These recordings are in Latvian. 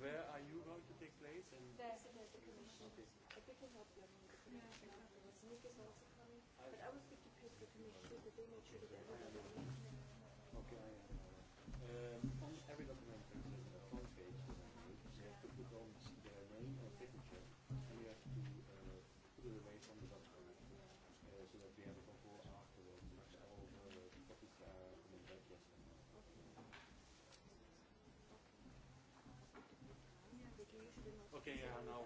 Where are you going to take place? And there's, there's the commission. Okay. I think we have the commission yeah, afterwards. Nick is also But I was good to pick the commission that they made sure that everybody Okay, I am. Um, on every document that is on the front page of the group, you have to put on their name and signature, and you have to uh, put it away from the document uh, so that we have a control afterwards. All the copies are in the backlist. Okay, yeah, now.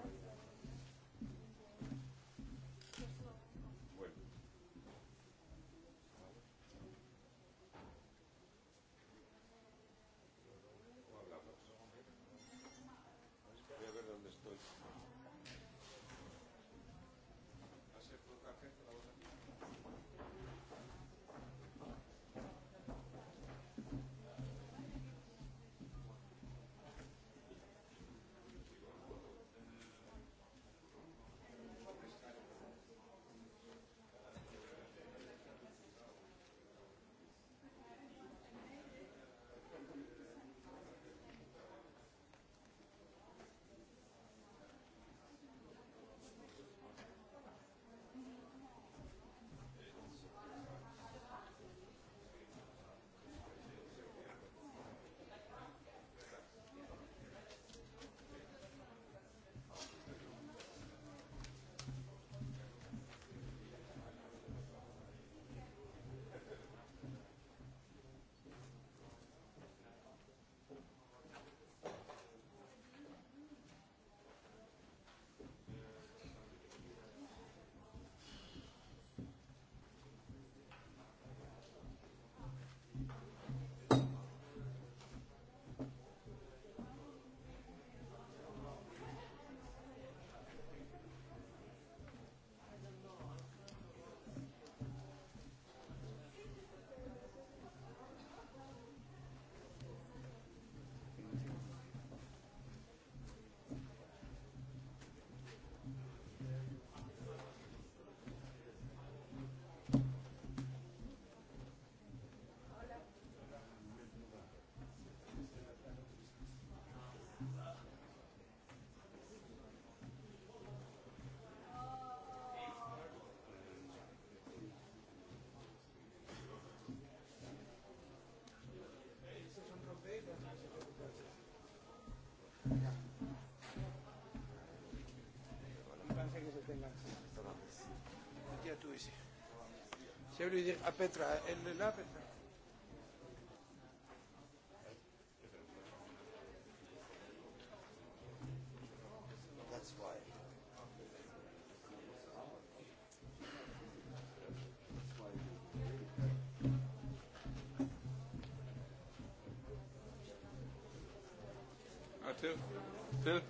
Je vais lui dire à Petra, elle eh, est là, Petra That's why. Two. Ah, Two.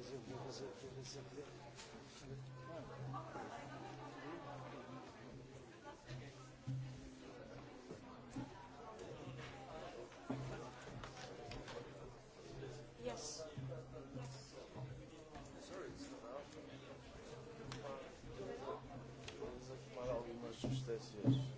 Yes. Sorry, it's not out. Para algumas substâncias.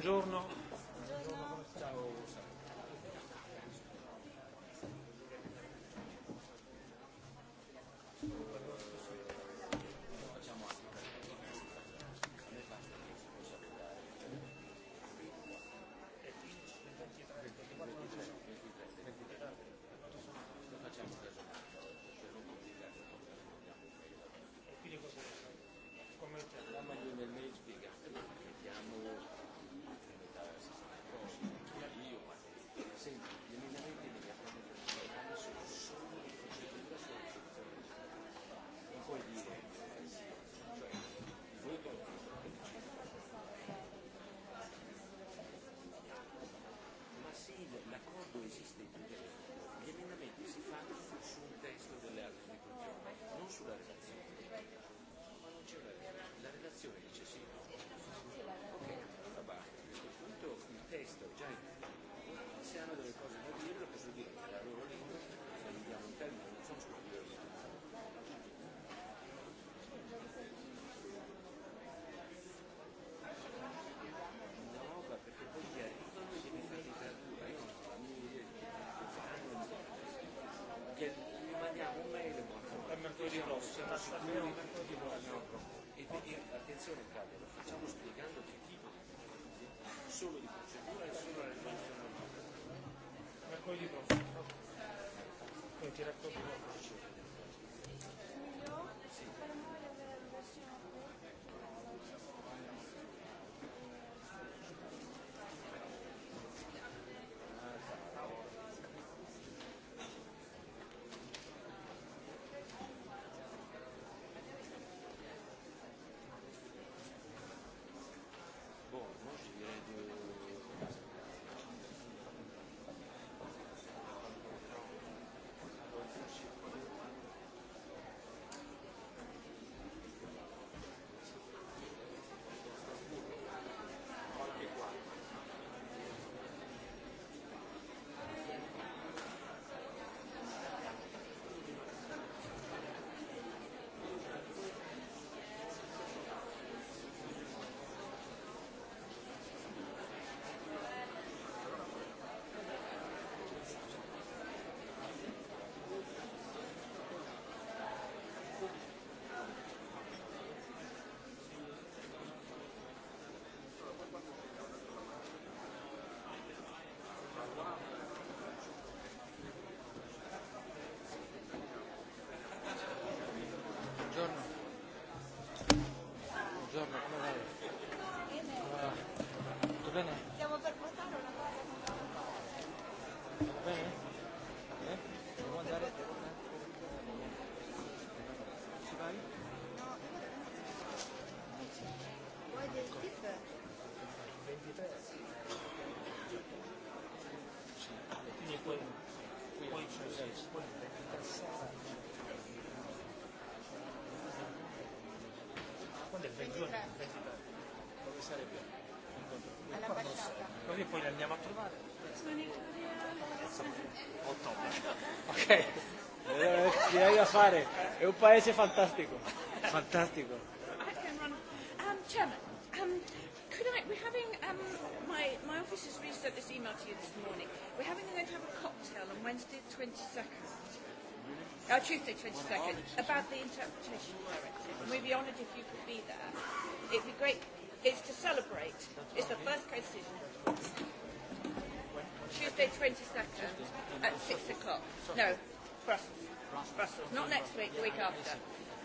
giorno sicuro e quindi attenzione Claudia, lo facciamo spiegando che tipo di solo di procedura e solo la risoluzione del mercoledì prossimo e ti racconto la procedura quando è 21 23 dove sarebbe? all'ambasciata. Così poi li andiamo a trovare. Ottobre. Ok. Che hai da fare? È un paese fantastico. Fantastico. Um, Chairman, um, could I, we're having, um, my, my office has reached out this email to you this morning. We're having, we're going to have a cocktail on Wednesday the 22nd. Uh, Tuesday, 22nd, about the interpretation directive. And we'd be honoured if you could be there. It'd be great It's to celebrate. It's the first co-decision. Tuesday 22nd at 6 o'clock. No, Brussels. Brussels. Not next week, the week after.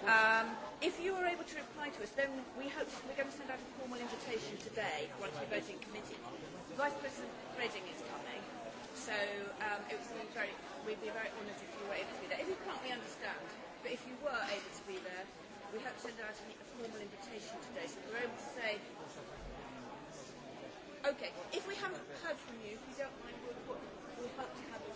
Um, if you are able to reply to us, then we hope we're going to send out a formal invitation today once we vote in committee. Vice President Redding is coming, so um, it would be very, we'd be very honoured if you were able to be there. If you can't, we understand. But if you were able to be there, we had to send out a, a formal invitation today, so we're able to say. Okay, if we haven't heard from you, if you don't mind, we'll, put, we'll hope to have you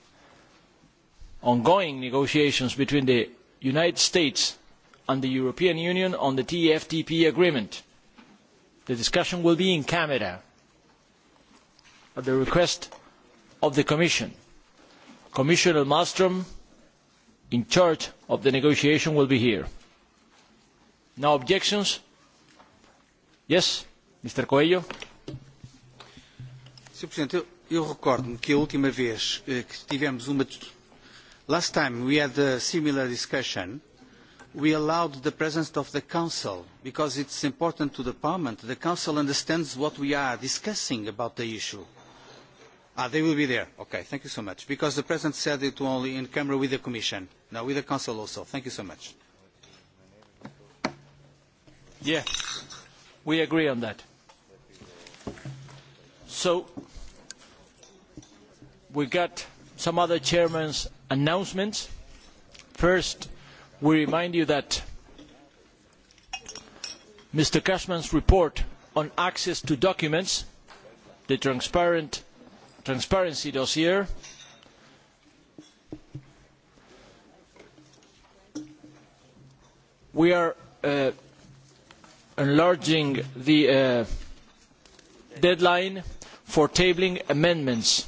ongoing negotiations between the United States and the European Union on the TFTP agreement. The discussion will be in camera at the request of the Commission. Commissioner Malmström, in charge of the negotiation, will be here. No objections? Yes, Mr. Coelho. Sr. Presidente, eu, eu recordo-me que a última vez eh, que tivemos uma Last time we had a similar discussion. We allowed the presence of the Council because it's important to the Parliament. The Council understands what we are discussing about the issue. Ah, they will be there. Okay, thank you so much. Because the President said it only in camera with the Commission. Now with the Council also. Thank you so much. Yeah, we agree on that. So, we got some other chairmans announcements. First, we remind you that Mr. Cashman's report on access to documents, the transparent transparency dossier, we are uh, enlarging the uh, deadline for tabling amendments